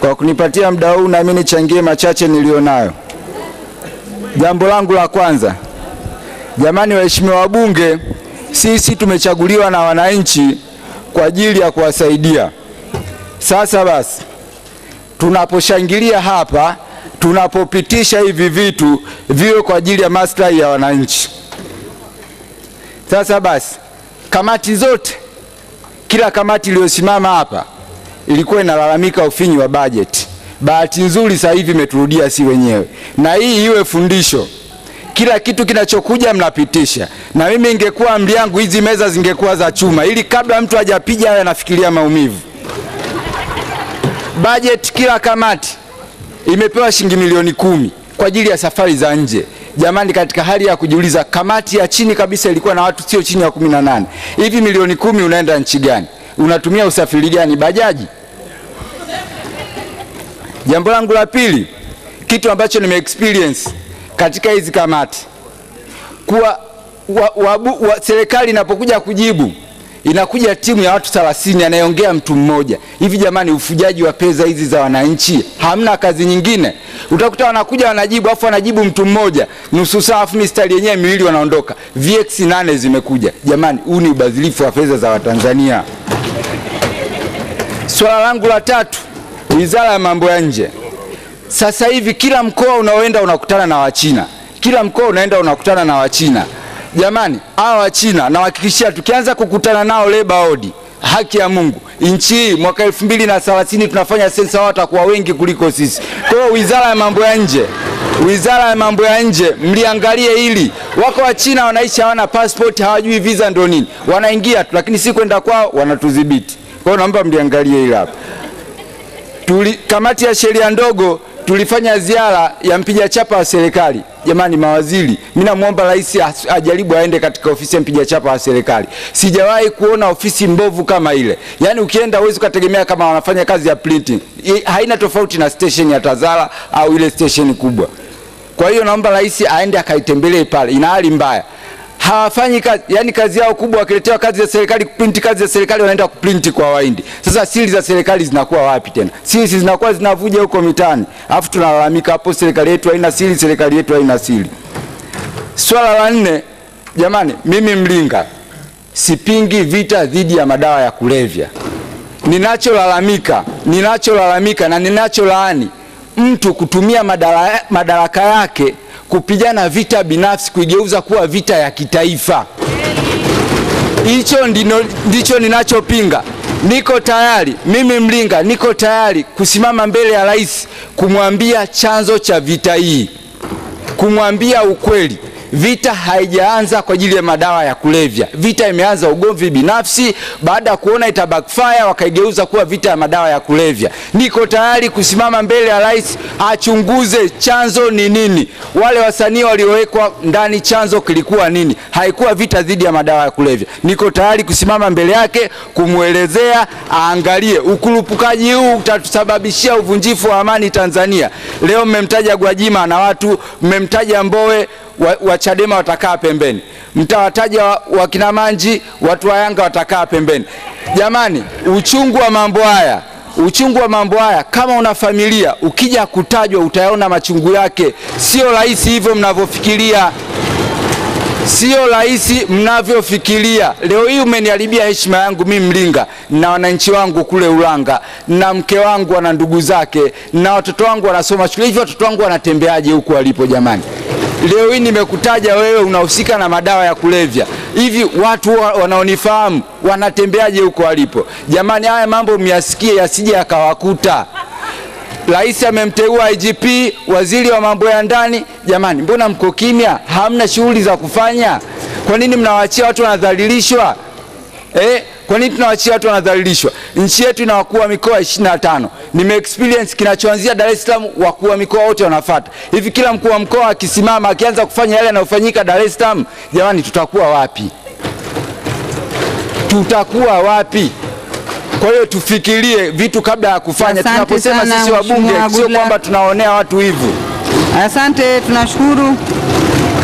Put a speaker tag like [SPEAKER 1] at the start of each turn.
[SPEAKER 1] kwa kunipatia muda huu nami nichangie machache niliyonayo. Jambo langu la kwanza, jamani, waheshimiwa wabunge, sisi tumechaguliwa na wananchi kwa ajili ya kuwasaidia. Sasa basi, tunaposhangilia hapa, tunapopitisha hivi vitu viwe kwa ajili ya maslahi ya wananchi. Sasa basi, kamati zote, kila kamati iliyosimama hapa ilikuwa inalalamika ufinyi wa bajeti. Bahati nzuri sasa hivi imeturudia si wenyewe, na hii iwe fundisho. Kila kitu kinachokuja mnapitisha, na mimi ingekuwa amri yangu hizi meza zingekuwa za chuma, ili kabla mtu hajapiga awe anafikiria maumivu. Bajeti, kila kamati imepewa shilingi milioni kumi kwa ajili ya safari za nje. Jamani, katika hali ya kujiuliza, kamati ya chini kabisa ilikuwa na watu sio chini ya kumi na nane. Hivi milioni kumi unaenda nchi gani? unatumia usafiri gani? Bajaji. Jambo langu la pili, kitu ambacho nime experience katika hizi kamati kuwa serikali inapokuja kujibu inakuja timu ya watu 30 anayeongea mtu mmoja. Hivi jamani, ufujaji wa pesa hizi za wananchi, hamna kazi nyingine? Utakuta wanakuja wanajibu, afu wanajibu mtu mmoja nusu saa, afu mistari yenyewe miwili wanaondoka. VX 8 zimekuja. Jamani, huu ni ubadhilifu wa pesa za Watanzania. Swala langu la tatu, wizara ya mambo ya nje. Sasa hivi kila mkoa unaoenda unakutana na Wachina, kila mkoa unaenda unakutana na Wachina. Jamani, hawa Wachina nawahakikishia, tukianza kukutana nao leba odi, haki ya Mungu, nchi hii mwaka elfu mbili na thelathini tunafanya sensa, wao watakuwa wengi kuliko sisi. Kwa hiyo wizara ya mambo ya nje wizara ya mambo ya nje mliangalie hili. Wako Wachina wanaishi hawana passport, hawajui visa ndo nini, wanaingia tu, lakini si kwenda kwao wanatudhibiti. Kwa naomba mliangalie hili hapa. Tuli, kamati ya sheria ndogo tulifanya ziara ya mpiga chapa wa serikali. Jamani mawaziri, mimi namwomba rais ajaribu aende katika ofisi ya mpiga chapa wa serikali. Sijawahi kuona ofisi mbovu kama ile. Yaani ukienda huwezi ukategemea kama wanafanya kazi ya printing. Haina tofauti na station ya Tazara au ile station kubwa. Kwa hiyo naomba rais aende akaitembelee pale, ina hali mbaya hawafanyi kazi, yani kazi yao kubwa, wakiletewa kazi za serikali kuprinti kazi za serikali wanaenda kuprinti kwa Wahindi. Sasa siri za serikali zinakuwa wapi tena? Siri zinakuwa zinavuja huko mitaani, alafu tunalalamika hapo, serikali yetu haina siri, serikali yetu haina siri. Swala la nne, jamani, mimi Mlinga sipingi vita dhidi ya madawa ya kulevya. Ninacholalamika, ninacholalamika na ninacholaani mtu kutumia madaraka yake kupigana vita binafsi, kuigeuza kuwa vita ya kitaifa. Hicho ndicho ninachopinga. Niko tayari mimi Mlinga, niko tayari kusimama mbele ya rais, kumwambia chanzo cha vita hii, kumwambia ukweli. Vita haijaanza kwa ajili ya madawa ya kulevya. Vita imeanza ugomvi binafsi, baada ya kuona ita backfire wakaigeuza kuwa vita ya madawa ya kulevya. Niko tayari kusimama mbele ya rais achunguze chanzo ni nini, wale wasanii waliowekwa ndani, chanzo kilikuwa nini? Haikuwa vita dhidi ya madawa ya kulevya. Niko tayari kusimama mbele yake kumwelezea, aangalie ukurupukaji huu utatusababishia uvunjifu wa amani Tanzania. Leo mmemtaja Gwajima na watu mmemtaja Mbowe wa, wa Chadema watakaa pembeni, mtawataja wakina manji watu wa Yanga watakaa pembeni. Jamani, uchungu wa mambo haya uchungu wa mambo haya, kama una familia ukija kutajwa utayaona machungu yake. Sio rahisi hivyo mnavyofikiria, sio rahisi mnavyofikiria. Leo hii umeniharibia heshima yangu mimi Mlinga na wananchi wangu kule Ulanga na mke wangu na ndugu zake na watoto wangu wanasoma shule. Hivi watoto wangu wanatembeaje huko walipo jamani? leo hii nimekutaja wewe unahusika na madawa ya kulevya. Hivi watu wanaonifahamu wanatembeaje huko walipo? Jamani, haya mambo myasikie yasije yakawakuta. Rais amemteua IGP, waziri wa mambo ya ndani. Jamani, mbona mko kimya? Hamna shughuli za kufanya? Kwa nini mnawaachia watu wanadhalilishwa eh? Kwa nini tunawachia watu wanadhalilishwa? Nchi yetu ina wakuu wa mikoa 25. Nime experience kinachoanzia Dar es Salaam, wakuu wa mikoa wote wanafuata. Hivi kila mkuu wa mkoa akisimama akianza kufanya yale yanayofanyika Dar es Salaam, jamani, tutakuwa wapi? Tutakuwa wapi? Kwa hiyo tufikirie vitu kabla ya kufanya.
[SPEAKER 2] Tunaposema sisi
[SPEAKER 1] wabunge, sio kwamba tunaonea watu hivyo.
[SPEAKER 2] Asante, tunashukuru.